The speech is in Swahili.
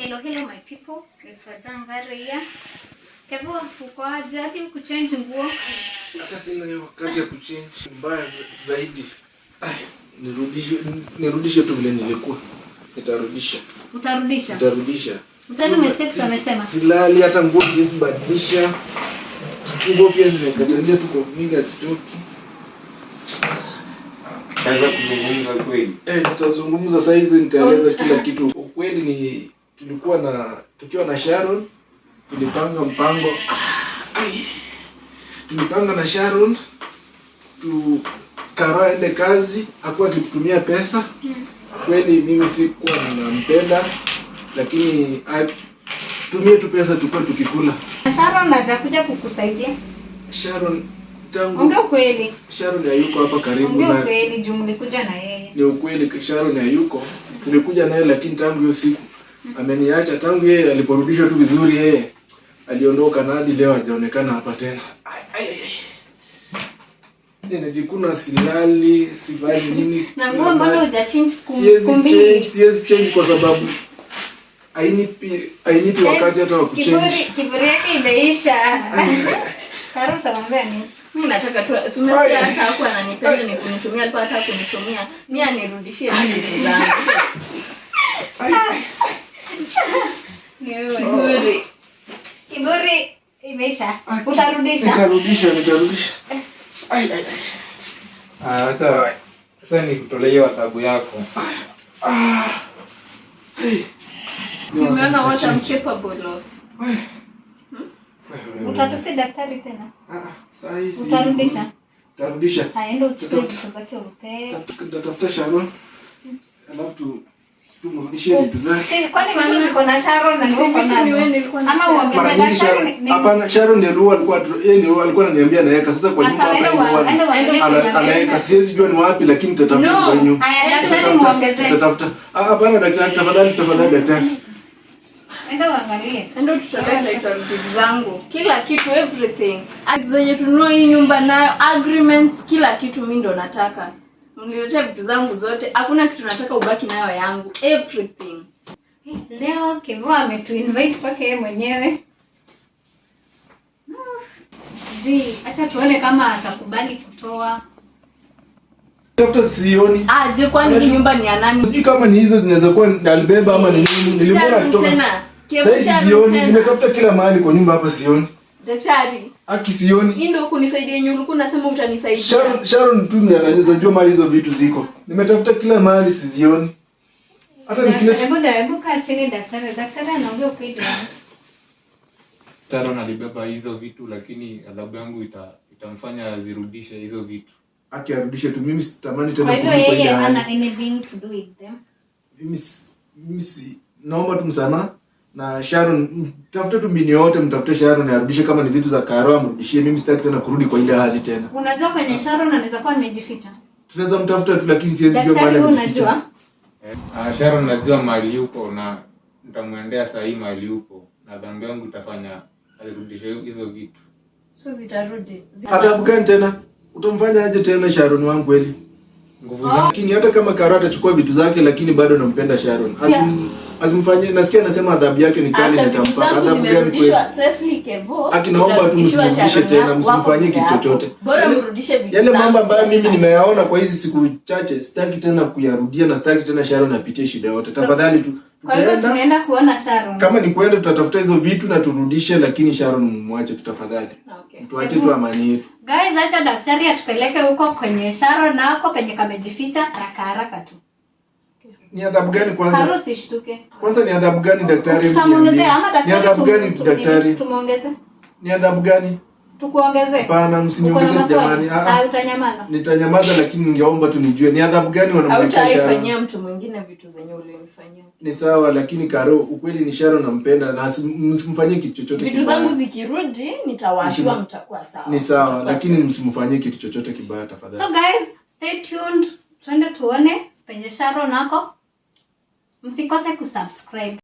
Hello, hello my people. It's Wajangari here. Kevo, uko aje? Hadi mkuchange nguo. Hata sina hiyo wakati ya kuchange mbaya zaidi. Nirudishe nirudishe tu vile nilikuwa. Nitarudisha. Utarudisha. Utarudisha. Utani message amesema. Silali hata nguo zisibadilisha. Nguo pia zimekatalia tu kwa mingi hazitoki. Naweza kuzungumza kweli. Eh, nitazungumza sasa hizi nitaeleza kila kitu. Ukweli ni tulikuwa na tukiwa na Sharon tulipanga mpango Ay. tulipanga na Sharon tu Karo ile kazi, hakuwa akitutumia pesa kweli. Mimi sikuwa nampenda, lakini tutumie tu pesa tukua tukikula. Sharon atakuja kukusaidia. Sharon tangu ndio kweli, Sharon hayuko hapa karibu na ndio kweli, jumu nikuja na yeye ni ukweli, Sharon hayuko, tulikuja naye, lakini tangu hiyo siku ameniacha tangu yeye aliporudishwa tu vizuri, yeye aliondoka na hadi leo hajaonekana hapa tena. Ninajikuna silali, sifanyi nini. Na hujachange Siwezi change kwa sababu hainipi hainipi eh, wakati hata wa Kiburi yake imeisha. Mimi nataka tu hata hapo ananipenda alipo hata kunitumia. Mimi anirudishie Kiburi. Kiburi imeisha. Utarudisha. Nitarudisha, nitarudisha. Ai ai ai. Ah, hata sasa nikutolee hiyo adhabu yako. Ah. Simeona what I'm capable of. Hmm? Utatusi daktari tena. Ah, ah. Sasa hizi. Utarudisha. Utarudisha. Haenda utafute kitu zake upe. Tafuta Sharon. Alafu hmm. Eh, hapana, Sharon alikuwa ananiambia anaweka sasa kwa nyumba hapa anaweka, siwezi jua ni wapi, lakini tatafuta kwa nyumba. Tatafuta. Ah, hapana, daktari, tafadhali tafadhali daktari. Enda uangalie. Enda tutaleta itabidi zangu. Kila kitu everything. Zenye tununua hii nyumba nayo agreements, kila kitu mimi ndo nataka. Uniletea vitu zangu zote, hakuna kitu nataka ubaki nayo yangu, everything. Leo Kevo invite kwake yeye mwenyewe. Sijui, acha tuone kama atakubali kutoa. Tafuta sioni. Aje, ah, kwani nyumba ni ya nani? Sijui kama ni hizo zinaweza kuwa dalbeba ama ni nini. Nilimwona kutoka. Sasa sioni, nimetafuta kila mahali kwa nyumba hapa sioni. Daktari. Aki sioni. Hii kunisaidia nyulu kuna sema utanisaidia. Sharon, Sharon tu ni anaweza jua mali hizo vitu ziko. Nimetafuta kila mahali sizioni. Hata nikile. Hebu da, hebu kaa chini daktari. Daktari anaongea ukweli. Tano nalibeba hizo vitu lakini adhabu yangu ita itamfanya azirudishe hizo vitu. Aki arudishe tu mimi sitamani tena kuliko Kwa hiyo yeye ana anything to do with them. Mimi mimi si naomba tu msamaha na Sharon, mtafute tu mini yote, mtafute Sharon arudishe, kama ni vitu za Karo amrudishie. Mimi sitaki tena kurudi kwa ile hali tena. Unajua kwenye Sharon anaweza kuwa amejificha. Tunaweza mtafuta tu, lakini siwezi jua mahali unajua. Ah, Sharon najua mahali yuko na nitamwendea saa hii mahali yuko na dhambi yangu itafanya azirudishe hizo vitu. Sio zitarudi. Adabu gani tena? Utamfanya aje tena Sharon wangu kweli? Nguvu zake. Lakini hata kama Karo atachukua vitu zake, lakini bado nampenda Sharon. Asim asimfanyie. Nasikia anasema adhabu yake ni kali, nitampata adhabu gani kweli? Akinaomba tu msimrudishe tena, msimfanyie kitu chochote. Bora yaani mrudishe Yale mambo ambayo mimi nimeyaona kwa hizi siku chache sitaki tena kuyarudia, na sitaki tena Sharon apitie shida yote, tafadhali tu kwa hiyo tunaenda kuona Sharon. Kama ni kwenda tutatafuta hizo vitu na turudishe, lakini Sharon mumwache tutafadhali. Okay. Tuache tu amani yetu. Guys, acha daktari atupeleke huko kwenye Sharon na hapo penye kamejificha haraka haraka tu ni adhabu gani kwanza? Harusi ishtuke. Kwanza ni adhabu gani daktari? Tutamuongezea ama daktari? Ni adhabu gani daktari? Tumuongeze. Ni adhabu gani? Tukuongezee. Hapana, msiniongeze jamani. Ah, ah. ah, utanyamaza. Nitanyamaza lakini ningeomba tu nijue ni adhabu gani wanamwekesha. Hautaifanyia mtu mwingine vitu zenye ulimfanyia. Ni sawa lakini Karo, ukweli ni Sharo nampenda na msimfanyie kitu chochote kibaya. Vitu zangu zikirudi nitawaashua mtakuwa sawa. Ni sawa lakini msimfanyie kitu chochote kibaya tafadhali. So guys, stay tuned. Tuende tuone penye Sharo nako É o subscribe.